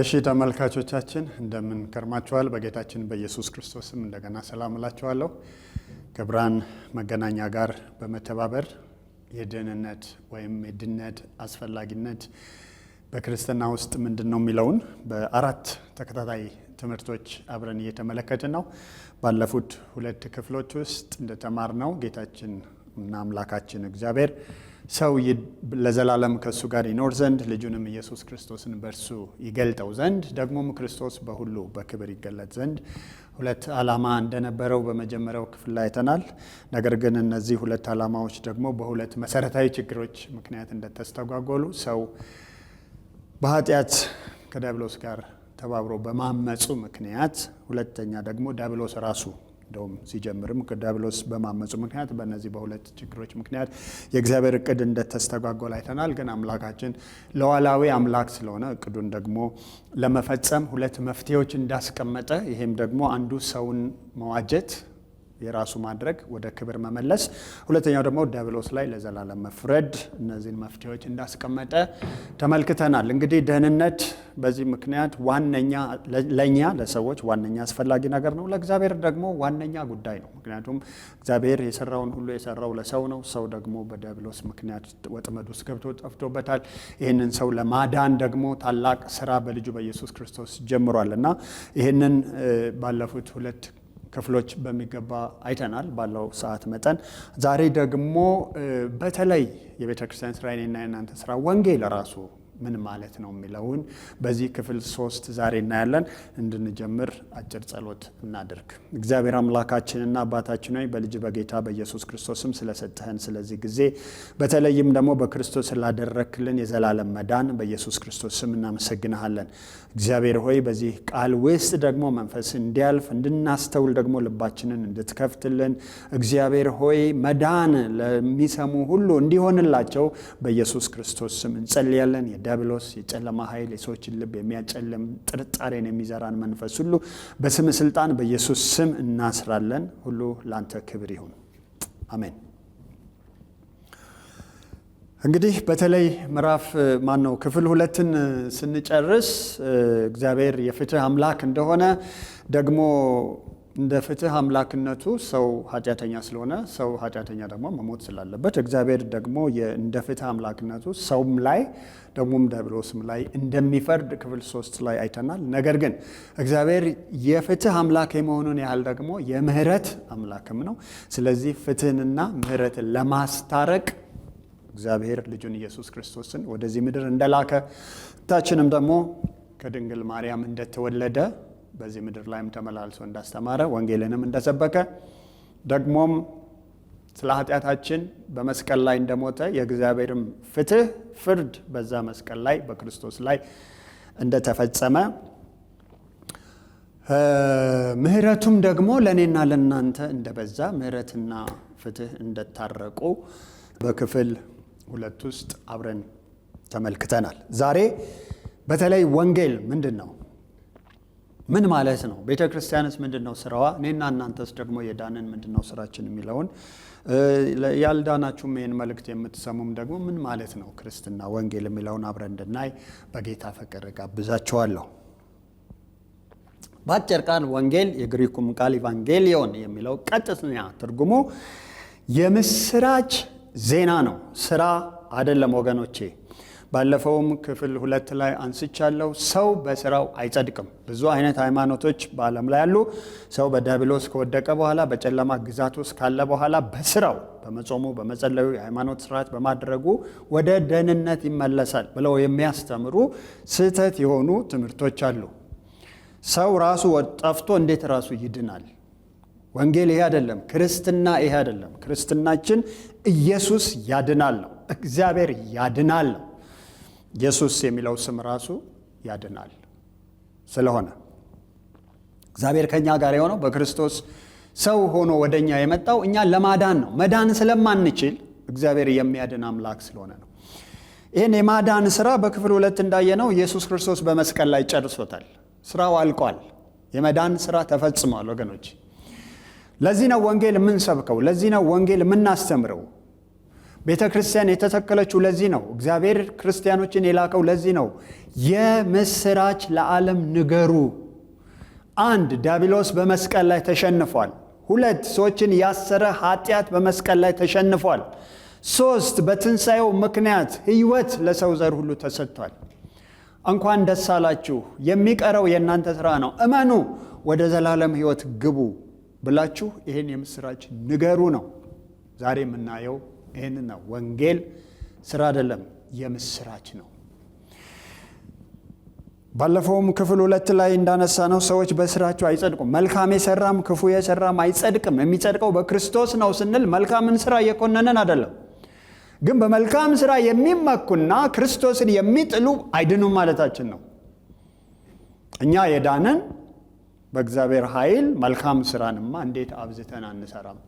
እሺ ተመልካቾቻችን እንደምን ከርማችኋል? በጌታችን በኢየሱስ ክርስቶስም እንደገና ሰላም እላችኋለሁ። ከብርሃን መገናኛ ጋር በመተባበር የደህንነት ወይም የድነት አስፈላጊነት በክርስትና ውስጥ ምንድን ነው የሚለውን በአራት ተከታታይ ትምህርቶች አብረን እየተመለከትን ነው። ባለፉት ሁለት ክፍሎች ውስጥ እንደተማርነው ጌታችን እና አምላካችን እግዚአብሔር ሰው ለዘላለም ከእሱ ጋር ይኖር ዘንድ ልጁንም ኢየሱስ ክርስቶስን በእርሱ ይገልጠው ዘንድ ደግሞም ክርስቶስ በሁሉ በክብር ይገለጥ ዘንድ ሁለት ዓላማ እንደነበረው በመጀመሪያው ክፍል ላይ አይተናል። ነገር ግን እነዚህ ሁለት ዓላማዎች ደግሞ በሁለት መሰረታዊ ችግሮች ምክንያት እንደተስተጓጎሉ ሰው በኃጢአት ከዲያብሎስ ጋር ተባብሮ በማመፁ ምክንያት፣ ሁለተኛ ደግሞ ዲያብሎስ ራሱ እንደውም ሲጀምርም ዲያብሎስ በማመፁ ምክንያት በእነዚህ በሁለት ችግሮች ምክንያት የእግዚአብሔር እቅድ እንደተስተጓጎል አይተናል። ግን አምላካችን ለዋላዊ አምላክ ስለሆነ እቅዱን ደግሞ ለመፈጸም ሁለት መፍትሄዎች እንዳስቀመጠ ይሄም ደግሞ አንዱ ሰውን መዋጀት የራሱ ማድረግ ወደ ክብር መመለስ። ሁለተኛው ደግሞ ዲያብሎስ ላይ ለዘላለም መፍረድ። እነዚህን መፍትሄዎች እንዳስቀመጠ ተመልክተናል። እንግዲህ ደህንነት በዚህ ምክንያት ዋነኛ ለእኛ ለሰዎች ዋነኛ አስፈላጊ ነገር ነው። ለእግዚአብሔር ደግሞ ዋነኛ ጉዳይ ነው። ምክንያቱም እግዚአብሔር የሰራውን ሁሉ የሰራው ለሰው ነው። ሰው ደግሞ በዲያብሎስ ምክንያት ወጥመድ ውስጥ ገብቶ ጠፍቶበታል። ይህንን ሰው ለማዳን ደግሞ ታላቅ ስራ በልጁ በኢየሱስ ክርስቶስ ጀምሯል እና ይህንን ባለፉት ሁለት ክፍሎች በሚገባ አይተናል ባለው ሰዓት መጠን። ዛሬ ደግሞ በተለይ የቤተ ክርስቲያን ስራዬና የእናንተ ስራ ወንጌል ራሱ ምን ማለት ነው የሚለውን በዚህ ክፍል ሶስት ዛሬ እናያለን። እንድንጀምር አጭር ጸሎት እናድርግ። እግዚአብሔር አምላካችንና አባታችን ሆይ በልጅ በጌታ በኢየሱስ ክርስቶስም ስለሰጠህን ስለዚህ ጊዜ በተለይም ደግሞ በክርስቶስ ስላደረክልን የዘላለም መዳን በኢየሱስ ክርስቶስ እናመሰግንሃለን። እግዚአብሔር ሆይ በዚህ ቃል ውስጥ ደግሞ መንፈስ እንዲያልፍ እንድናስተውል ደግሞ ልባችንን እንድትከፍትልን እግዚአብሔር ሆይ መዳን ለሚሰሙ ሁሉ እንዲሆንላቸው በኢየሱስ ክርስቶስ ስም እንጸልያለን። ዲያብሎስ የጨለማ ኃይል የሰዎችን ልብ የሚያጨልም ጥርጣሬን የሚዘራን መንፈስ ሁሉ በስም ስልጣን በኢየሱስ ስም እናስራለን። ሁሉ ለአንተ ክብር ይሁን፣ አሜን። እንግዲህ በተለይ ምዕራፍ ማን ነው ክፍል ሁለትን ስንጨርስ እግዚአብሔር የፍትህ አምላክ እንደሆነ ደግሞ እንደ ፍትህ አምላክነቱ ሰው ኃጢአተኛ ስለሆነ ሰው ኃጢአተኛ ደግሞ መሞት ስላለበት እግዚአብሔር ደግሞ እንደ ፍትህ አምላክነቱ ሰውም ላይ ደግሞም ዲያብሎስም ላይ እንደሚፈርድ ክፍል ሶስት ላይ አይተናል። ነገር ግን እግዚአብሔር የፍትህ አምላክ የመሆኑን ያህል ደግሞ የምህረት አምላክም ነው። ስለዚህ ፍትህንና ምህረትን ለማስታረቅ እግዚአብሔር ልጁን ኢየሱስ ክርስቶስን ወደዚህ ምድር እንደላከ ታችንም ደግሞ ከድንግል ማርያም እንደተወለደ በዚህ ምድር ላይም ተመላልሶ እንዳስተማረ ወንጌልንም እንደሰበከ ደግሞም ስለ ኃጢአታችን በመስቀል ላይ እንደሞተ የእግዚአብሔርም ፍትህ ፍርድ በዛ መስቀል ላይ በክርስቶስ ላይ እንደተፈጸመ ምህረቱም ደግሞ ለእኔና ለእናንተ እንደበዛ ምህረትና ፍትህ እንደታረቁ በክፍል ሁለት ውስጥ አብረን ተመልክተናል። ዛሬ በተለይ ወንጌል ምንድን ነው? ምን ማለት ነው? ቤተ ክርስቲያንስ ምንድን ነው ስራዋ? እኔና እናንተስ ደግሞ የዳንን ምንድን ነው ስራችን የሚለውን ያልዳናችሁም ይህን መልእክት የምትሰሙም ደግሞ ምን ማለት ነው ክርስትና ወንጌል የሚለውን አብረን እንድናይ በጌታ ፍቅር ጋብዛችኋለሁ። በአጭር ቃል ወንጌል የግሪኩም ቃል ኢቫንጌሊዮን የሚለው ቀጥተኛ ትርጉሙ የምስራች ዜና ነው፣ ስራ አይደለም ወገኖቼ። ባለፈውም ክፍል ሁለት ላይ አንስቻለሁ። ሰው በስራው አይጸድቅም። ብዙ አይነት ሃይማኖቶች በዓለም ላይ አሉ። ሰው በዲያብሎስ ከወደቀ በኋላ በጨለማ ግዛት ውስጥ ካለ በኋላ በስራው በመጾሙ በመጸለዩ የሃይማኖት ስርዓት በማድረጉ ወደ ደህንነት ይመለሳል ብለው የሚያስተምሩ ስህተት የሆኑ ትምህርቶች አሉ። ሰው ራሱ ጠፍቶ እንዴት ራሱ ይድናል? ወንጌል ይሄ አይደለም። ክርስትና ይሄ አይደለም። ክርስትናችን ኢየሱስ ያድናል ነው። እግዚአብሔር ያድናል ነው። ኢየሱስ የሚለው ስም ራሱ ያድናል። ስለሆነ እግዚአብሔር ከእኛ ጋር የሆነው በክርስቶስ ሰው ሆኖ ወደ እኛ የመጣው እኛ ለማዳን ነው። መዳን ስለማንችል እግዚአብሔር የሚያድን አምላክ ስለሆነ ነው። ይህን የማዳን ስራ በክፍል ሁለት እንዳየነው ኢየሱስ ክርስቶስ በመስቀል ላይ ጨርሶታል። ስራው አልቋል። የመዳን ስራ ተፈጽሟል ወገኖች። ለዚህ ነው ወንጌል የምንሰብከው። ለዚህ ነው ወንጌል የምናስተምረው። ቤተ ክርስቲያን የተተከለችው ለዚህ ነው። እግዚአብሔር ክርስቲያኖችን የላከው ለዚህ ነው። የምስራች ለዓለም ንገሩ። አንድ ዲያብሎስ በመስቀል ላይ ተሸንፏል። ሁለት ሰዎችን ያሰረ ኃጢአት በመስቀል ላይ ተሸንፏል። ሶስት በትንሣኤው ምክንያት ሕይወት ለሰው ዘር ሁሉ ተሰጥቷል። እንኳን ደስ አላችሁ። የሚቀረው የእናንተ ሥራ ነው። እመኑ፣ ወደ ዘላለም ሕይወት ግቡ ብላችሁ ይህን የምስራች ንገሩ ነው ዛሬ የምናየው ይህን ነው ወንጌል ስራ አይደለም፣ የምስራች ነው። ባለፈውም ክፍል ሁለት ላይ እንዳነሳ ነው ሰዎች በስራቸው አይጸድቁም። መልካም የሰራም ክፉ የሰራም አይጸድቅም። የሚጸድቀው በክርስቶስ ነው ስንል መልካምን ስራ እየኮነነን አይደለም። ግን በመልካም ስራ የሚመኩና ክርስቶስን የሚጥሉ አይድኑም ማለታችን ነው። እኛ የዳንን በእግዚአብሔር ኃይል መልካም ስራንማ እንዴት አብዝተን አንሰራም?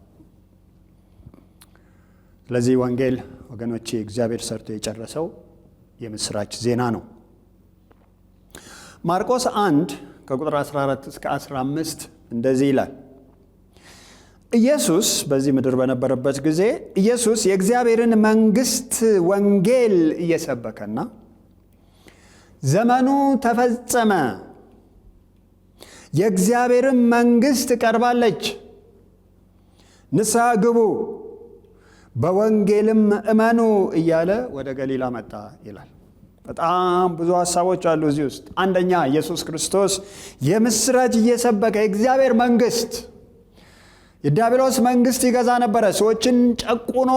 ስለዚህ ወንጌል ወገኖቼ እግዚአብሔር ሰርቶ የጨረሰው የምስራች ዜና ነው። ማርቆስ 1 ከቁጥር 14 እስከ 15 እንደዚህ ይላል። ኢየሱስ በዚህ ምድር በነበረበት ጊዜ ኢየሱስ የእግዚአብሔርን መንግስት ወንጌል እየሰበከና ዘመኑ ተፈጸመ፣ የእግዚአብሔርን መንግስት ቀርባለች፣ ንስሐ ግቡ በወንጌልም እመኑ እያለ ወደ ገሊላ መጣ ይላል። በጣም ብዙ ሀሳቦች አሉ እዚህ ውስጥ። አንደኛ ኢየሱስ ክርስቶስ የምስራች እየሰበከ የእግዚአብሔር መንግስት የዲያብሎስ መንግስት ይገዛ ነበረ። ሰዎችን ጨቁኖ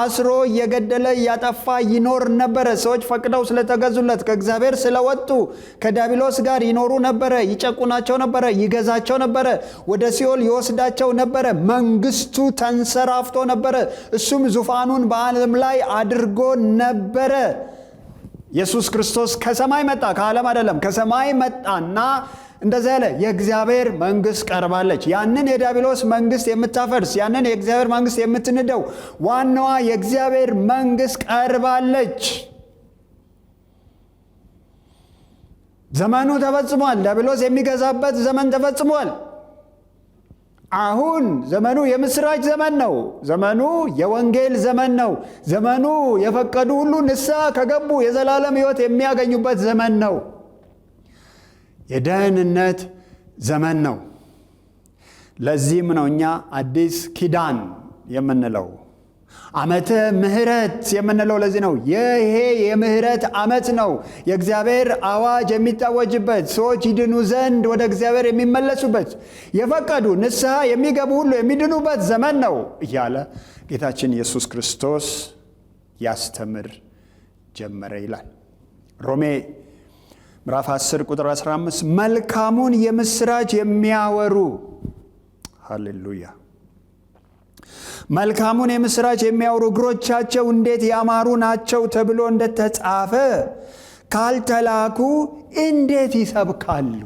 አስሮ እየገደለ እያጠፋ ይኖር ነበረ። ሰዎች ፈቅደው ስለተገዙለት ከእግዚአብሔር ስለወጡ ከዲያብሎስ ጋር ይኖሩ ነበረ። ይጨቁናቸው ነበረ፣ ይገዛቸው ነበረ፣ ወደ ሲኦል ይወስዳቸው ነበረ። መንግስቱ ተንሰራፍቶ ነበረ። እሱም ዙፋኑን በአለም ላይ አድርጎ ነበረ። ኢየሱስ ክርስቶስ ከሰማይ መጣ፣ ከዓለም አይደለም፣ ከሰማይ መጣና እንደዚህ ያለ የእግዚአብሔር መንግስት ቀርባለች። ያንን የዲያብሎስ መንግስት የምታፈርስ ያንን የእግዚአብሔር መንግስት የምትንደው ዋናዋ የእግዚአብሔር መንግስት ቀርባለች። ዘመኑ ተፈጽሟል። ዲያብሎስ የሚገዛበት ዘመን ተፈጽሟል። አሁን ዘመኑ የምስራች ዘመን ነው። ዘመኑ የወንጌል ዘመን ነው። ዘመኑ የፈቀዱ ሁሉ ንስሐ ከገቡ የዘላለም ህይወት የሚያገኙበት ዘመን ነው። የደህንነት ዘመን ነው። ለዚህም ነው እኛ አዲስ ኪዳን የምንለው። አመተ ምህረት የምንለው ለዚህ ነው። ይሄ የምህረት አመት ነው። የእግዚአብሔር አዋጅ የሚታወጅበት፣ ሰዎች ይድኑ ዘንድ ወደ እግዚአብሔር የሚመለሱበት፣ የፈቀዱ ንስሐ የሚገቡ ሁሉ የሚድኑበት ዘመን ነው እያለ ጌታችን ኢየሱስ ክርስቶስ ያስተምር ጀመረ ይላል ሮሜ ምዕራፍ 10 ቁጥር 15 መልካሙን የምስራች የሚያወሩ ሃሌሉያ መልካሙን የምስራች የሚያወሩ እግሮቻቸው እንዴት ያማሩ ናቸው ተብሎ እንደተጻፈ ካልተላኩ እንዴት ይሰብካሉ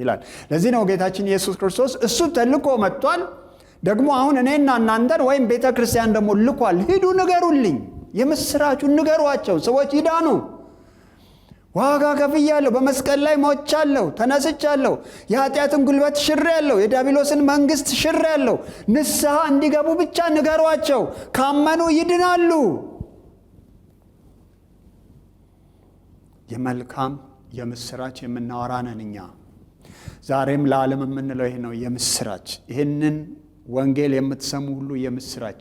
ይላል። ለዚህ ነው ጌታችን ኢየሱስ ክርስቶስ እሱ ተልኮ መጥቷል። ደግሞ አሁን እኔና እናንተን ወይም ቤተ ክርስቲያን ደግሞ ልኳል። ሂዱ ንገሩልኝ፣ የምስራቹ ንገሯቸው፣ ሰዎች ይዳኑ። ዋጋ ከፍያለሁ፣ በመስቀል ላይ ሞቻለሁ፣ ተነስቻለሁ፣ የኃጢአትን ጉልበት ሽር ያለው የዲያብሎስን መንግስት ሽር ያለው ንስሐ እንዲገቡ ብቻ ንገሯቸው፣ ካመኑ ይድናሉ። የመልካም የምስራች የምናወራ ነን እኛ። ዛሬም ለዓለም የምንለው ይሄ ነው፣ የምስራች ይህንን ወንጌል የምትሰሙ ሁሉ የምስራች፣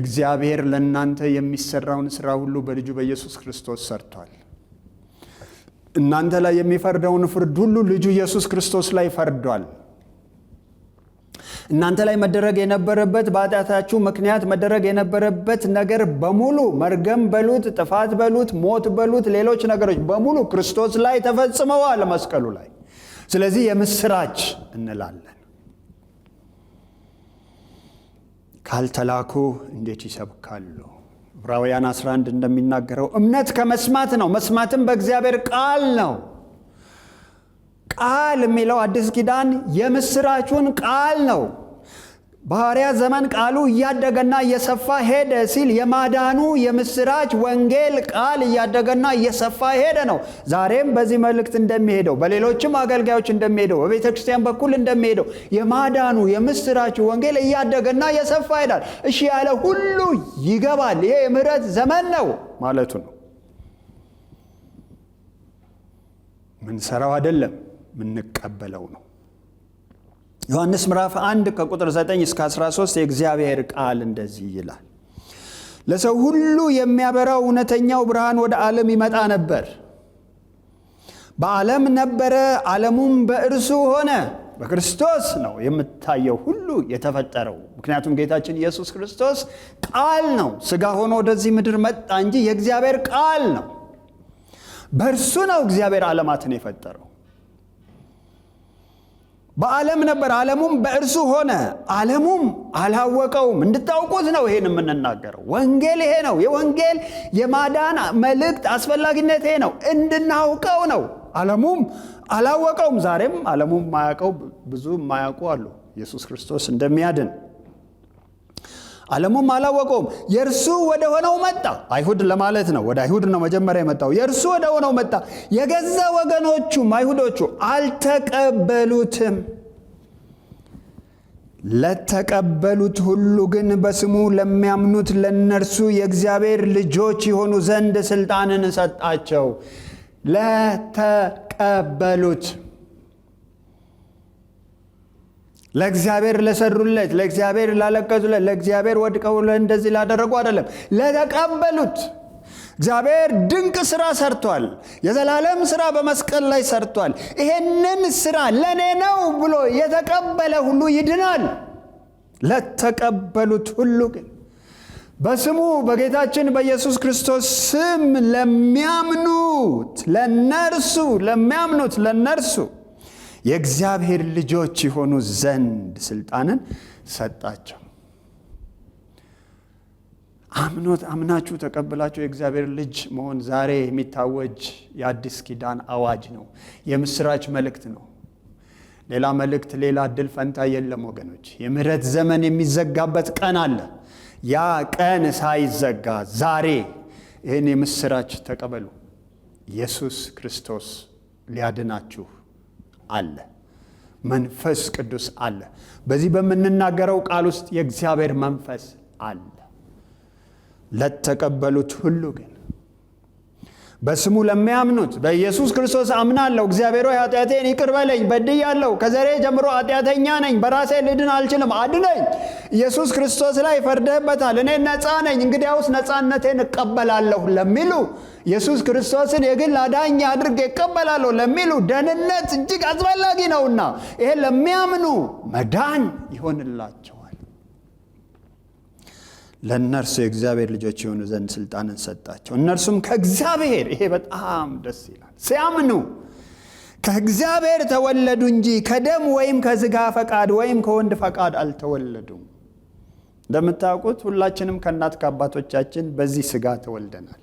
እግዚአብሔር ለእናንተ የሚሰራውን ስራ ሁሉ በልጁ በኢየሱስ ክርስቶስ ሰርቷል። እናንተ ላይ የሚፈርደውን ፍርድ ሁሉ ልጁ ኢየሱስ ክርስቶስ ላይ ፈርዷል። እናንተ ላይ መደረግ የነበረበት በኃጢአታችሁ ምክንያት መደረግ የነበረበት ነገር በሙሉ መርገም በሉት፣ ጥፋት በሉት፣ ሞት በሉት፣ ሌሎች ነገሮች በሙሉ ክርስቶስ ላይ ተፈጽመዋል መስቀሉ ላይ። ስለዚህ የምስራች እንላለን። ካልተላኩ እንዴት ይሰብካሉ? ዕብራውያን 11 እንደሚናገረው እምነት ከመስማት ነው፣ መስማትም በእግዚአብሔር ቃል ነው። ቃል የሚለው አዲስ ኪዳን የምስራቹን ቃል ነው። ባህሪያ ዘመን ቃሉ እያደገና እየሰፋ ሄደ ሲል የማዳኑ የምስራች ወንጌል ቃል እያደገና እየሰፋ ሄደ ነው። ዛሬም በዚህ መልእክት እንደሚሄደው በሌሎችም አገልጋዮች እንደሚሄደው በቤተ ክርስቲያን በኩል እንደሚሄደው የማዳኑ የምስራች ወንጌል እያደገና እየሰፋ ሄዳል። እሺ ያለ ሁሉ ይገባል። ይሄ የምህረት ዘመን ነው ማለቱ ነው። ምንሰራው አይደለም፣ ምንቀበለው ነው። ዮሐንስ ምዕራፍ 1 ከቁጥር 9 እስከ 13 የእግዚአብሔር ቃል እንደዚህ ይላል። ለሰው ሁሉ የሚያበራው እውነተኛው ብርሃን ወደ ዓለም ይመጣ ነበር። በዓለም ነበረ፣ ዓለሙም በእርሱ ሆነ። በክርስቶስ ነው የምታየው ሁሉ የተፈጠረው። ምክንያቱም ጌታችን ኢየሱስ ክርስቶስ ቃል ነው፣ ስጋ ሆኖ ወደዚህ ምድር መጣ እንጂ የእግዚአብሔር ቃል ነው። በእርሱ ነው እግዚአብሔር ዓለማትን የፈጠረው። በዓለም ነበር፣ ዓለሙም በእርሱ ሆነ፣ ዓለሙም አላወቀውም። እንድታውቁት ነው ይሄን የምንናገረው። ወንጌል ይሄ ነው። የወንጌል የማዳን መልእክት አስፈላጊነት ይሄ ነው፣ እንድናውቀው ነው። ዓለሙም አላወቀውም። ዛሬም ዓለሙም ማያውቀው ብዙ የማያውቁ አሉ ኢየሱስ ክርስቶስ እንደሚያድን ዓለሙም አላወቀውም። የእርሱ ወደ ሆነው መጣ። አይሁድ ለማለት ነው። ወደ አይሁድ ነው መጀመሪያ የመጣው። የእርሱ ወደ ሆነው መጣ፣ የገዛ ወገኖቹም አይሁዶቹ አልተቀበሉትም። ለተቀበሉት ሁሉ ግን በስሙ ለሚያምኑት ለነርሱ የእግዚአብሔር ልጆች የሆኑ ዘንድ ስልጣንን ሰጣቸው። ለተቀበሉት ለእግዚአብሔር ለሰሩለት፣ ለእግዚአብሔር ላለቀሱለት፣ ለእግዚአብሔር ወድቀው እንደዚህ ላደረጉ አይደለም፣ ለተቀበሉት እግዚአብሔር ድንቅ ስራ ሰርቷል። የዘላለም ስራ በመስቀል ላይ ሰርቷል። ይሄንን ስራ ለእኔ ነው ብሎ የተቀበለ ሁሉ ይድናል። ለተቀበሉት ሁሉ ግን በስሙ በጌታችን በኢየሱስ ክርስቶስ ስም ለሚያምኑት ለነርሱ ለሚያምኑት ለነርሱ የእግዚአብሔር ልጆች የሆኑ ዘንድ ስልጣንን ሰጣቸው። አምኖት አምናችሁ ተቀብላችሁ የእግዚአብሔር ልጅ መሆን ዛሬ የሚታወጅ የአዲስ ኪዳን አዋጅ ነው። የምስራች መልእክት ነው። ሌላ መልእክት፣ ሌላ እድል ፈንታ የለም ወገኖች። የምህረት ዘመን የሚዘጋበት ቀን አለ። ያ ቀን ሳይዘጋ ዛሬ ይህን የምስራች ተቀበሉ። ኢየሱስ ክርስቶስ ሊያድናችሁ አለ። መንፈስ ቅዱስ አለ። በዚህ በምንናገረው ቃል ውስጥ የእግዚአብሔር መንፈስ አለ ለተቀበሉት ሁሉ ግን በስሙ ለሚያምኑት በኢየሱስ ክርስቶስ አምናለሁ፣ እግዚአብሔር ሆይ ኃጢአቴን ይቅር በለኝ፣ በድያለሁ፣ ከዘሬ ጀምሮ ኃጢአተኛ ነኝ፣ በራሴ ልድን አልችልም፣ አድነኝ። ኢየሱስ ክርስቶስ ላይ ፈርደህበታል፣ እኔ ነፃ ነኝ፣ እንግዲያውስ ነፃነቴን እቀበላለሁ ለሚሉ ኢየሱስ ክርስቶስን የግል አዳኝ አድርግ ይቀበላለሁ ለሚሉ ደህንነት እጅግ አስፈላጊ ነውና ይሄ ለሚያምኑ መዳን ይሆንላቸው ለእነርሱ የእግዚአብሔር ልጆች የሆኑ ዘንድ ስልጣንን ሰጣቸው። እነርሱም ከእግዚአብሔር ይሄ በጣም ደስ ይላል። ሲያምኑ ከእግዚአብሔር ተወለዱ እንጂ ከደም ወይም ከዝጋ ፈቃድ ወይም ከወንድ ፈቃድ አልተወለዱም። እንደምታውቁት ሁላችንም ከእናት ከአባቶቻችን በዚህ ስጋ ተወልደናል።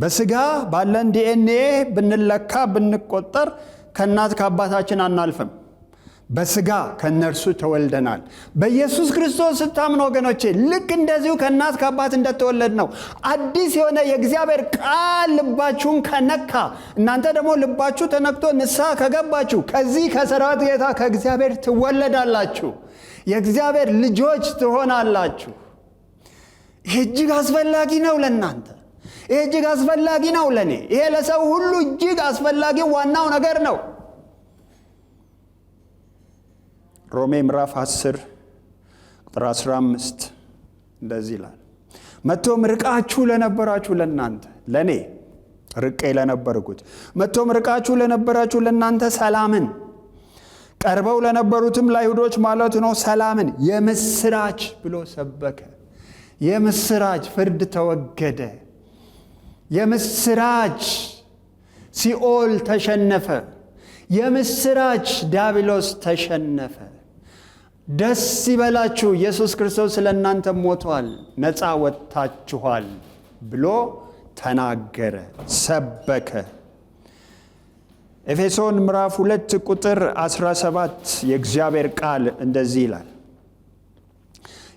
በስጋ ባለን ዲኤንኤ ብንለካ ብንቆጠር ከእናት ከአባታችን አናልፍም። በስጋ ከእነርሱ ተወልደናል። በኢየሱስ ክርስቶስ ስታምን ወገኖቼ፣ ልክ እንደዚሁ ከእናት ከአባት እንደተወለድ ነው። አዲስ የሆነ የእግዚአብሔር ቃል ልባችሁን ከነካ፣ እናንተ ደግሞ ልባችሁ ተነክቶ ንስሐ ከገባችሁ፣ ከዚህ ከሰራዊት ጌታ ከእግዚአብሔር ትወለዳላችሁ፣ የእግዚአብሔር ልጆች ትሆናላችሁ። ይህ እጅግ አስፈላጊ ነው ለእናንተ ይህ እጅግ አስፈላጊ ነው ለእኔ። ይሄ ለሰው ሁሉ እጅግ አስፈላጊው ዋናው ነገር ነው። ሮሜ ምዕራፍ 10 ቁጥር 15 እንደዚህ ይላል፣ መቶም ርቃችሁ ለነበራችሁ ለእናንተ ለእኔ ርቄ ለነበርኩት መቶም ርቃችሁ ለነበራችሁ ለእናንተ ሰላምን ቀርበው ለነበሩትም ለአይሁዶች ማለት ነው ሰላምን የምስራች ብሎ ሰበከ። የምስራች ፍርድ ተወገደ። የምስራች ሲኦል ተሸነፈ። የምስራች ዳብሎስ ተሸነፈ። ደስ ይበላችሁ፣ ኢየሱስ ክርስቶስ ስለ እናንተ ሞቷል፣ ነፃ ወጥታችኋል ብሎ ተናገረ፣ ሰበከ። ኤፌሶን ምዕራፍ 2 ቁጥር 17 የእግዚአብሔር ቃል እንደዚህ ይላል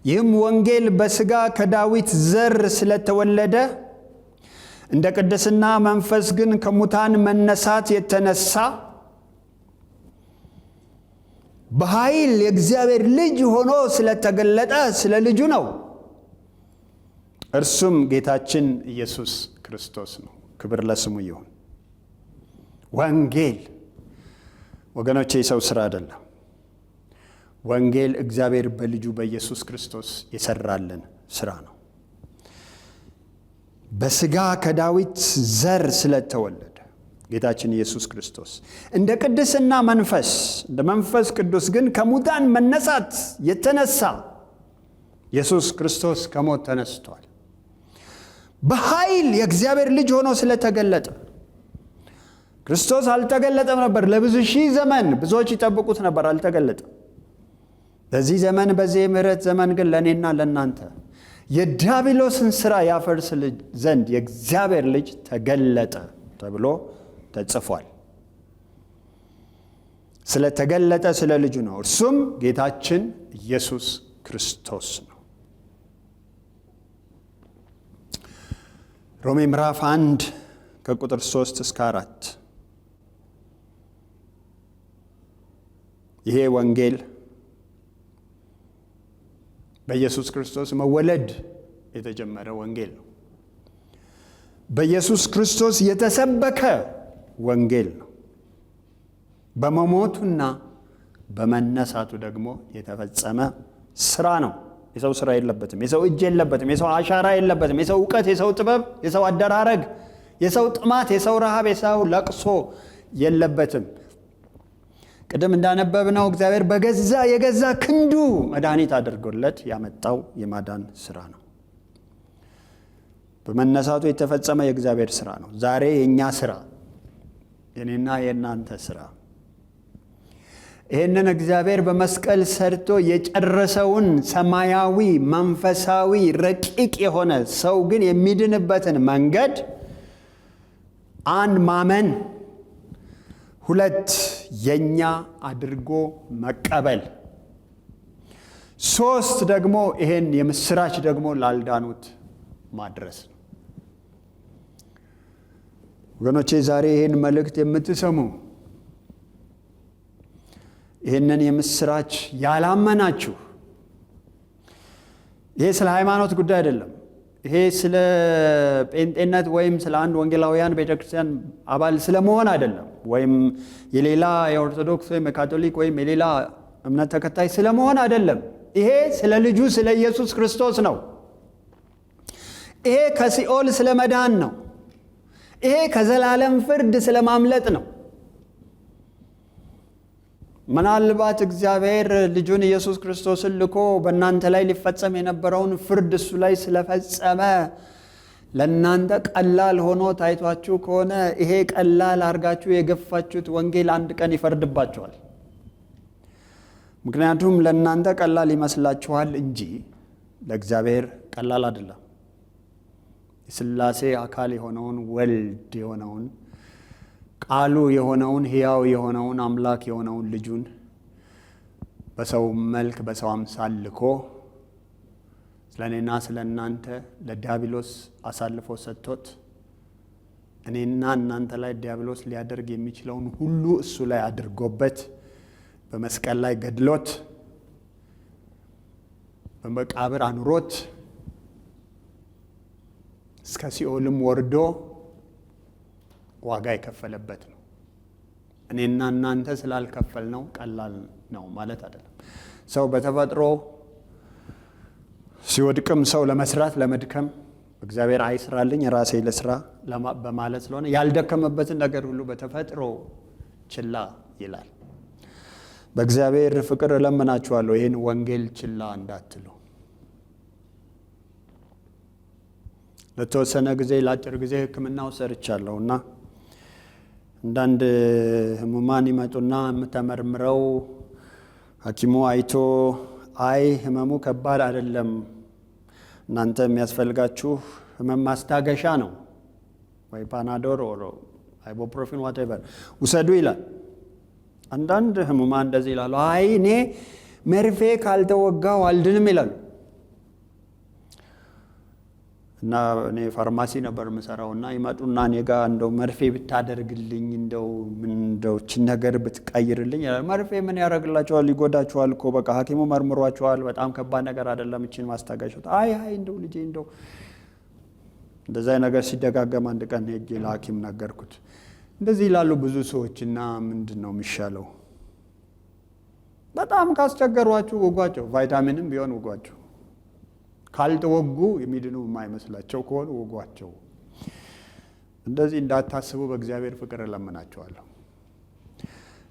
ይህም ወንጌል በሥጋ ከዳዊት ዘር ስለተወለደ እንደ ቅድስና መንፈስ ግን ከሙታን መነሳት የተነሳ በኃይል የእግዚአብሔር ልጅ ሆኖ ስለተገለጠ ስለ ልጁ ነው። እርሱም ጌታችን ኢየሱስ ክርስቶስ ነው። ክብር ለስሙ ይሁን። ወንጌል ወገኖቼ የሰው ስራ አይደለም። ወንጌል እግዚአብሔር በልጁ በኢየሱስ ክርስቶስ የሰራልን ስራ ነው። በስጋ ከዳዊት ዘር ስለተወለደ ጌታችን ኢየሱስ ክርስቶስ እንደ ቅድስና መንፈስ እንደ መንፈስ ቅዱስ ግን ከሙታን መነሳት የተነሳ ኢየሱስ ክርስቶስ ከሞት ተነስቷል። በኃይል የእግዚአብሔር ልጅ ሆኖ ስለተገለጠ ክርስቶስ አልተገለጠም ነበር። ለብዙ ሺህ ዘመን ብዙዎች ይጠብቁት ነበር፣ አልተገለጠም። በዚህ ዘመን በዚህ የምህረት ዘመን ግን ለእኔና ለእናንተ የዲያብሎስን ስራ ያፈርስ ዘንድ የእግዚአብሔር ልጅ ተገለጠ ተብሎ ተጽፏል። ስለተገለጠ ስለ ልጁ ነው። እርሱም ጌታችን ኢየሱስ ክርስቶስ ነው። ሮሜ ምዕራፍ አንድ ከቁጥር ሶስት እስከ አራት ይሄ ወንጌል በኢየሱስ ክርስቶስ መወለድ የተጀመረ ወንጌል ነው። በኢየሱስ ክርስቶስ የተሰበከ ወንጌል ነው። በመሞቱና በመነሳቱ ደግሞ የተፈጸመ ስራ ነው። የሰው ስራ የለበትም። የሰው እጅ የለበትም። የሰው አሻራ የለበትም። የሰው እውቀት፣ የሰው ጥበብ፣ የሰው አደራረግ፣ የሰው ጥማት፣ የሰው ረሃብ፣ የሰው ለቅሶ የለበትም። ቅድም እንዳነበብነው እግዚአብሔር በገዛ የገዛ ክንዱ መድኃኒት አድርጎለት ያመጣው የማዳን ስራ ነው። በመነሳቱ የተፈጸመ የእግዚአብሔር ስራ ነው። ዛሬ የእኛ ስራ የኔና የእናንተ ስራ ይህንን እግዚአብሔር በመስቀል ሰርቶ የጨረሰውን ሰማያዊ መንፈሳዊ ረቂቅ የሆነ ሰው ግን የሚድንበትን መንገድ አንድ ማመን፣ ሁለት የኛ አድርጎ መቀበል፣ ሶስት ደግሞ ይሄን የምስራች ደግሞ ላልዳኑት ማድረስ ነው። ወገኖቼ ዛሬ ይህን መልእክት የምትሰሙ ይህንን የምስራች ያላመናችሁ ይሄ ስለ ሃይማኖት ጉዳይ አይደለም። ይሄ ስለ ጴንጤነት ወይም ስለ አንድ ወንጌላውያን ቤተክርስቲያን አባል ስለመሆን አይደለም፣ ወይም የሌላ የኦርቶዶክስ ወይም የካቶሊክ ወይም የሌላ እምነት ተከታይ ስለመሆን አይደለም። ይሄ ስለ ልጁ ስለ ኢየሱስ ክርስቶስ ነው። ይሄ ከሲኦል ስለ መዳን ነው። ይሄ ከዘላለም ፍርድ ስለማምለጥ ነው። ምናልባት እግዚአብሔር ልጁን ኢየሱስ ክርስቶስን ልኮ በእናንተ ላይ ሊፈጸም የነበረውን ፍርድ እሱ ላይ ስለፈጸመ ለእናንተ ቀላል ሆኖ ታይቷችሁ ከሆነ ይሄ ቀላል አድርጋችሁ የገፋችሁት ወንጌል አንድ ቀን ይፈርድባችኋል። ምክንያቱም ለእናንተ ቀላል ይመስላችኋል እንጂ ለእግዚአብሔር ቀላል አይደለም። የስላሴ አካል የሆነውን ወልድ የሆነውን ቃሉ የሆነውን ሕያው የሆነውን አምላክ የሆነውን ልጁን በሰው መልክ በሰው አምሳል ልኮ ስለ እኔና ስለ እናንተ ለዲያብሎስ አሳልፎ ሰጥቶት እኔና እናንተ ላይ ዲያብሎስ ሊያደርግ የሚችለውን ሁሉ እሱ ላይ አድርጎበት በመስቀል ላይ ገድሎት በመቃብር አኑሮት እስከ ሲኦልም ወርዶ ዋጋ የከፈለበት ነው። እኔና እናንተ ስላልከፈል ነው ቀላል ነው ማለት አይደለም። ሰው በተፈጥሮ ሲወድቅም ሰው ለመስራት ለመድከም እግዚአብሔር አይስራልኝ ራሴ ለስራ በማለት ስለሆነ ያልደከመበትን ነገር ሁሉ በተፈጥሮ ችላ ይላል። በእግዚአብሔር ፍቅር እለምናችኋለሁ ይህን ወንጌል ችላ እንዳትሉ። ለተወሰነ ጊዜ ለአጭር ጊዜ ሕክምናው ሰርቻለሁ እና አንዳንድ ህሙማን ይመጡና የምተመርምረው ሐኪሙ አይቶ አይ ህመሙ ከባድ አይደለም፣ እናንተ የሚያስፈልጋችሁ ህመም ማስታገሻ ነው ወይ ፓናዶር ኦሮ አይቦፕሮፊን ዋቴቨር ውሰዱ ይላል። አንዳንድ ህሙማን እንደዚህ ይላሉ፣ አይ እኔ መርፌ ካልተወጋው አልድንም ይላሉ። እና እኔ ፋርማሲ ነበር የምሰራው እና ይመጡና እኔ ጋ እንደው መርፌ ብታደርግልኝ እንደው እንደውችን ነገር ብትቀይርልኝ መርፌ ምን ያደርግላቸዋል? ይጎዳቸዋል እኮ በቃ ሐኪሙ መርምሯቸዋል። በጣም ከባድ ነገር አይደለም። እችን ማስታገሻት አይ አይ እንደው ልጄ እንደው እንደዛ ነገር ሲደጋገም አንድ ቀን ሄጄ ለሐኪም ነገርኩት። እንደዚህ ይላሉ ብዙ ሰዎች እና ምንድን ነው የሚሻለው? በጣም ካስቸገሯችሁ ውጓቸው፣ ቫይታሚንም ቢሆን ውጓቸው ካልተወጉ የሚድኑ የማይመስላቸው ከሆኑ ወጓቸው። እንደዚህ እንዳታስቡ በእግዚአብሔር ፍቅር እለምናቸዋለሁ።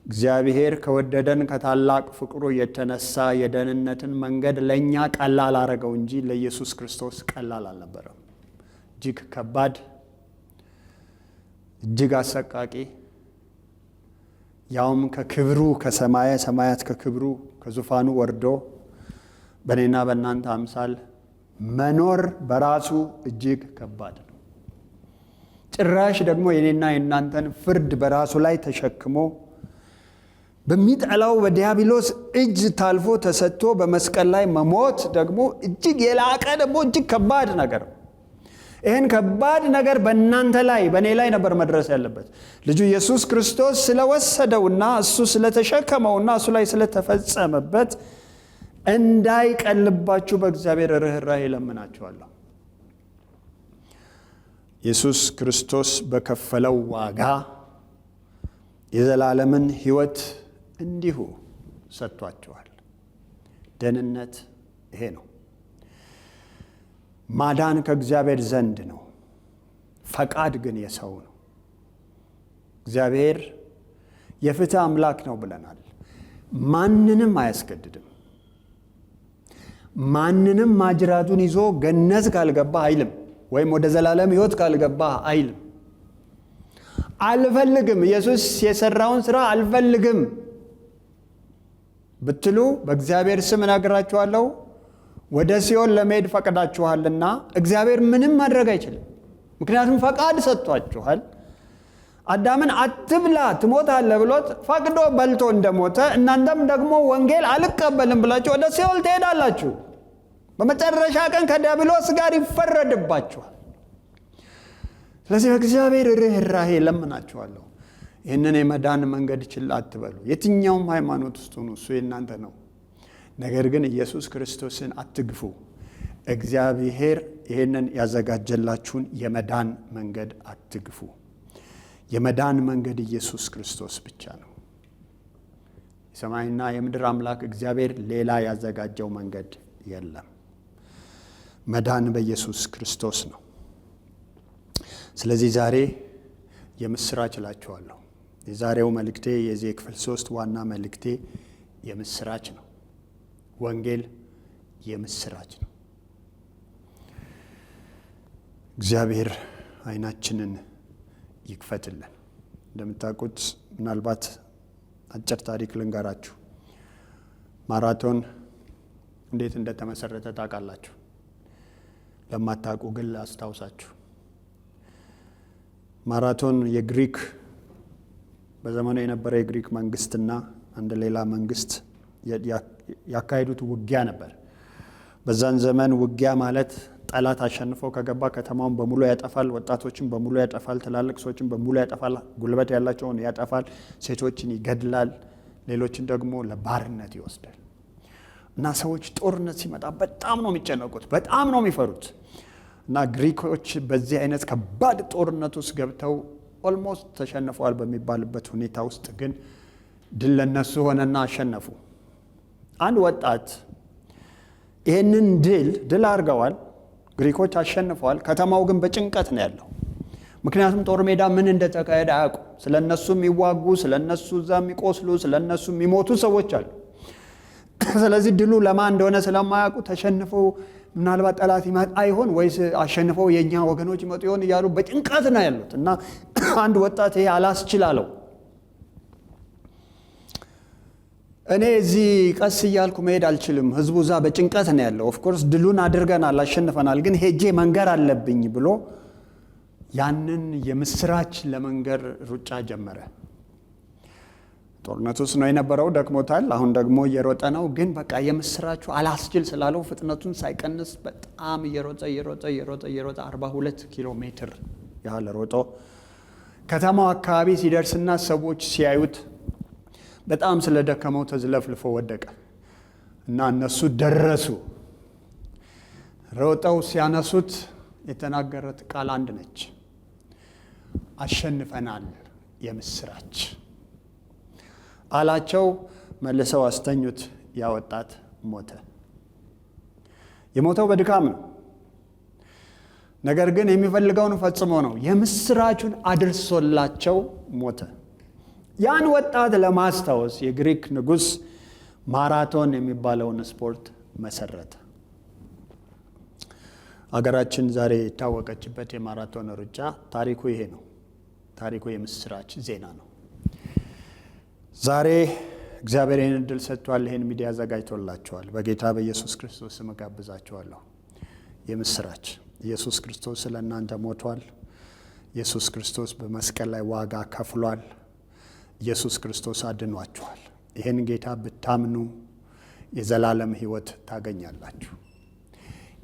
እግዚአብሔር ከወደደን ከታላቅ ፍቅሩ የተነሳ የደህንነትን መንገድ ለእኛ ቀላል አረገው እንጂ ለኢየሱስ ክርስቶስ ቀላል አልነበረም። እጅግ ከባድ፣ እጅግ አሰቃቂ ያውም ከክብሩ ከሰማየ ሰማያት ከክብሩ ከዙፋኑ ወርዶ በእኔና በእናንተ አምሳል መኖር በራሱ እጅግ ከባድ ነው። ጭራሽ ደግሞ የኔና የእናንተን ፍርድ በራሱ ላይ ተሸክሞ በሚጠላው በዲያብሎስ እጅ ታልፎ ተሰጥቶ በመስቀል ላይ መሞት ደግሞ እጅግ የላቀ ደግሞ እጅግ ከባድ ነገር ነው። ይህን ከባድ ነገር በእናንተ ላይ በእኔ ላይ ነበር መድረስ ያለበት። ልጁ ኢየሱስ ክርስቶስ ስለወሰደውና እሱ ስለተሸከመውና እሱ ላይ ስለተፈጸመበት እንዳይቀልባችሁ በእግዚአብሔር ርኅራኄ እለምናችኋለሁ። ኢየሱስ ክርስቶስ በከፈለው ዋጋ የዘላለምን ሕይወት እንዲሁ ሰጥቷችኋል። ደህንነት ይሄ ነው። ማዳን ከእግዚአብሔር ዘንድ ነው። ፈቃድ ግን የሰው ነው። እግዚአብሔር የፍትህ አምላክ ነው ብለናል። ማንንም አያስገድድም። ማንንም ማጅራቱን ይዞ ገነት ካልገባ አይልም፣ ወይም ወደ ዘላለም ህይወት ካልገባ አይልም። አልፈልግም ኢየሱስ የሰራውን ስራ አልፈልግም ብትሉ በእግዚአብሔር ስም እናገራችኋለሁ ወደ ሲኦል ለመሄድ ፈቅዳችኋልና እግዚአብሔር ምንም ማድረግ አይችልም። ምክንያቱም ፈቃድ ሰጥቷችኋል። አዳምን አትብላ ትሞታለህ ብሎት ፈቅዶ በልቶ እንደሞተ እናንተም ደግሞ ወንጌል አልቀበልም ብላችሁ ወደ ሲኦል ትሄዳላችሁ። በመጨረሻ ቀን ከዲያብሎስ ጋር ይፈረድባችኋል። ስለዚህ በእግዚአብሔር ርኅራሄ ለምናችኋለሁ፣ ይህንን የመዳን መንገድ ችላ አትበሉ። የትኛውም ሃይማኖት ውስጥ ሁኑ፣ እሱ የእናንተ ነው። ነገር ግን ኢየሱስ ክርስቶስን አትግፉ። እግዚአብሔር ይህንን ያዘጋጀላችሁን የመዳን መንገድ አትግፉ። የመዳን መንገድ ኢየሱስ ክርስቶስ ብቻ ነው። የሰማይና የምድር አምላክ እግዚአብሔር ሌላ ያዘጋጀው መንገድ የለም። መዳን በኢየሱስ ክርስቶስ ነው። ስለዚህ ዛሬ የምስራች እላችኋለሁ። የዛሬው መልእክቴ የዚህ ክፍል ሶስት ዋና መልእክቴ የምስራች ነው። ወንጌል የምስራች ነው። እግዚአብሔር አይናችንን ይክፈትልን። እንደምታውቁት ምናልባት አጭር ታሪክ ልንገራችሁ። ማራቶን እንዴት እንደተመሰረተ ታውቃላችሁ። ለማታውቁ ግን አስታውሳችሁ፣ ማራቶን የግሪክ በዘመኑ የነበረ የግሪክ መንግስትና አንድ ሌላ መንግስት ያካሄዱት ውጊያ ነበር። በዛን ዘመን ውጊያ ማለት ጠላት አሸንፎ ከገባ ከተማውን በሙሉ ያጠፋል፣ ወጣቶችን በሙሉ ያጠፋል፣ ትላልቅ ሰዎችን በሙሉ ያጠፋል፣ ጉልበት ያላቸውን ያጠፋል፣ ሴቶችን ይገድላል፣ ሌሎችን ደግሞ ለባርነት ይወስዳል። እና ሰዎች ጦርነት ሲመጣ በጣም ነው የሚጨነቁት፣ በጣም ነው የሚፈሩት። እና ግሪኮች በዚህ አይነት ከባድ ጦርነት ውስጥ ገብተው ኦልሞስት ተሸንፈዋል በሚባልበት ሁኔታ ውስጥ ግን ድል ለነሱ ሆነና አሸነፉ። አንድ ወጣት ይህንን ድል ድል አድርገዋል ግሪኮች አሸንፈዋል። ከተማው ግን በጭንቀት ነው ያለው። ምክንያቱም ጦር ሜዳ ምን እንደተካሄደ አያውቁ? ስለ እነሱ የሚዋጉ ስለ እነሱ እዛ የሚቆስሉ ስለ እነሱ የሚሞቱ ሰዎች አሉ። ስለዚህ ድሉ ለማን እንደሆነ ስለማያውቁ ተሸንፈው ምናልባት ጠላት ይመጣ ይሆን ወይስ አሸንፈው የእኛ ወገኖች ይመጡ ይሆን እያሉ በጭንቀት ነው ያሉት እና አንድ ወጣት ይሄ አላስችል አለው። እኔ እዚህ ቀስ እያልኩ መሄድ አልችልም፣ ህዝቡ እዛ በጭንቀት ነው ያለው። ኦፍኮርስ ድሉን አድርገናል፣ አሸንፈናል፣ ግን ሄጄ መንገር አለብኝ ብሎ ያንን የምስራች ለመንገር ሩጫ ጀመረ። ጦርነት ውስጥ ነው የነበረው፣ ደክሞታል። አሁን ደግሞ እየሮጠ ነው። ግን በቃ የምስራቹ አላስችል ስላለው ፍጥነቱን ሳይቀንስ በጣም እየሮጠ እየሮጠ እየሮጠ እየሮጠ 42 ኪሎ ሜትር ያህል ሮጦ ከተማው አካባቢ ሲደርስና ሰዎች ሲያዩት በጣም ስለደከመው ተዝለፍልፎ ወደቀ እና እነሱ ደረሱ። ሮጠው ሲያነሱት የተናገረት ቃል አንድ ነች፣ አሸንፈናል የምስራች አላቸው። መልሰው አስተኙት። ያወጣት ሞተ። የሞተው በድካም ነው። ነገር ግን የሚፈልገውን ፈጽሞ ነው። የምስራቹን አድርሶላቸው ሞተ። ያን ወጣት ለማስታወስ የግሪክ ንጉሥ ማራቶን የሚባለውን ስፖርት መሰረተ። አገራችን ዛሬ የታወቀችበት የማራቶን ሩጫ ታሪኩ ይሄ ነው። ታሪኩ የምስራች ዜና ነው። ዛሬ እግዚአብሔር ይህን እድል ሰጥቷል። ይህን ሚዲያ አዘጋጅቶላቸዋል። በጌታ በኢየሱስ ክርስቶስ ስም የምስራች ኢየሱስ ክርስቶስ ስለ እናንተ ሞቷል። ኢየሱስ ክርስቶስ በመስቀል ላይ ዋጋ ከፍሏል። ኢየሱስ ክርስቶስ አድኗችኋል። ይህን ጌታ ብታምኑ የዘላለም ሕይወት ታገኛላችሁ።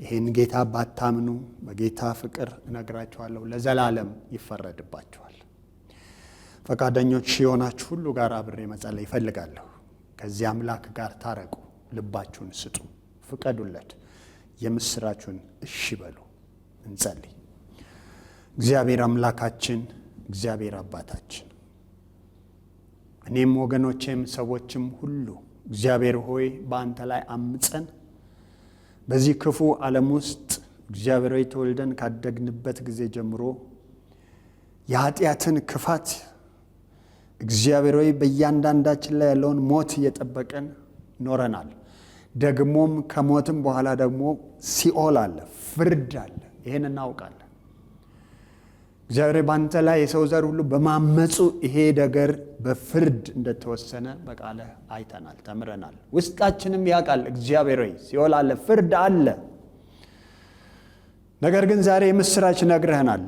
ይህን ጌታ ባታምኑ በጌታ ፍቅር እነግራችኋለሁ፣ ለዘላለም ይፈረድባችኋል። ፈቃደኞች የሆናችሁ ሁሉ ጋር አብሬ መጸለይ ይፈልጋለሁ። ከዚህ አምላክ ጋር ታረቁ፣ ልባችሁን ስጡ፣ ፍቀዱለት፣ የምስራችሁን እሺ በሉ። እንጸልይ። እግዚአብሔር አምላካችን፣ እግዚአብሔር አባታችን እኔም ወገኖቼም ሰዎችም ሁሉ እግዚአብሔር ሆይ በአንተ ላይ አምፀን በዚህ ክፉ ዓለም ውስጥ እግዚአብሔር ሆይ ተወልደን ካደግንበት ጊዜ ጀምሮ የኃጢአትን ክፋት እግዚአብሔር ሆይ በእያንዳንዳችን ላይ ያለውን ሞት እየጠበቀን ኖረናል። ደግሞም ከሞትም በኋላ ደግሞ ሲኦል አለ፣ ፍርድ አለ። ይህን እናውቃለን። እግዚአብሔር ባንተ ላይ የሰው ዘር ሁሉ በማመፁ ይሄ ነገር በፍርድ እንደተወሰነ በቃለ አይተናል፣ ተምረናል። ውስጣችንም ያውቃል። እግዚአብሔር ሆይ ሲኦል አለ፣ ፍርድ አለ። ነገር ግን ዛሬ የምስራች ነግረህናል።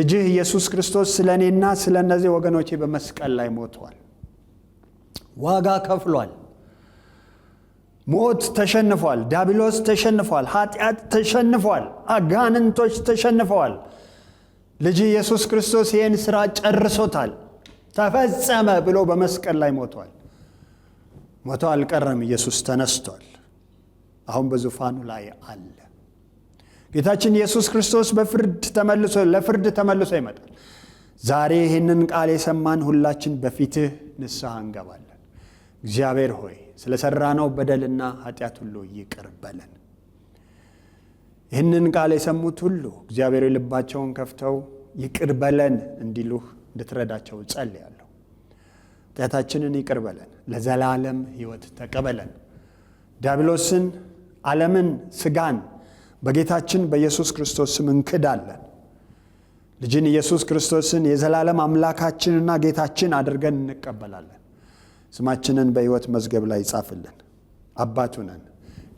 ልጅህ ኢየሱስ ክርስቶስ ስለ እኔና ስለ እነዚህ ወገኖቼ በመስቀል ላይ ሞቷል፣ ዋጋ ከፍሏል። ሞት ተሸንፏል፣ ዲያብሎስ ተሸንፏል፣ ኃጢአት ተሸንፏል፣ አጋንንቶች ተሸንፈዋል። ልጅ ኢየሱስ ክርስቶስ ይህን ሥራ ጨርሶታል፣ ተፈጸመ ብሎ በመስቀል ላይ ሞቷል። ሞቶ አልቀረም፣ ኢየሱስ ተነስቷል። አሁን በዙፋኑ ላይ አለ። ጌታችን ኢየሱስ ክርስቶስ በፍርድ ተመልሶ ለፍርድ ተመልሶ ይመጣል። ዛሬ ይህንን ቃል የሰማን ሁላችን በፊትህ ንስሐ እንገባለን። እግዚአብሔር ሆይ ስለሰራነው በደልና ኃጢአት ሁሉ ይቅር በለን። ይህንን ቃል የሰሙት ሁሉ እግዚአብሔር ልባቸውን ከፍተው ይቅር በለን እንዲሉህ እንድትረዳቸው ጸልያለሁ። ኃጢአታችንን ይቅር በለን፣ ለዘላለም ሕይወት ተቀበለን። ዲያብሎስን፣ ዓለምን፣ ስጋን በጌታችን በኢየሱስ ክርስቶስ ስም እንክዳለን። ልጅን ኢየሱስ ክርስቶስን የዘላለም አምላካችንና ጌታችን አድርገን እንቀበላለን። ስማችንን በሕይወት መዝገብ ላይ ይጻፍልን። አባቱ ነን፣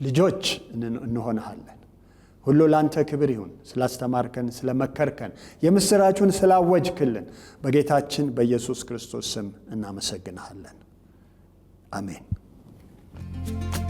ልጆች እንሆንሃለን። ሁሉ ላንተ ክብር ይሁን። ስላስተማርከን፣ ስለመከርከን፣ የምስራቹን ስላወጅክልን በጌታችን በኢየሱስ ክርስቶስ ስም እናመሰግንሃለን። አሜን።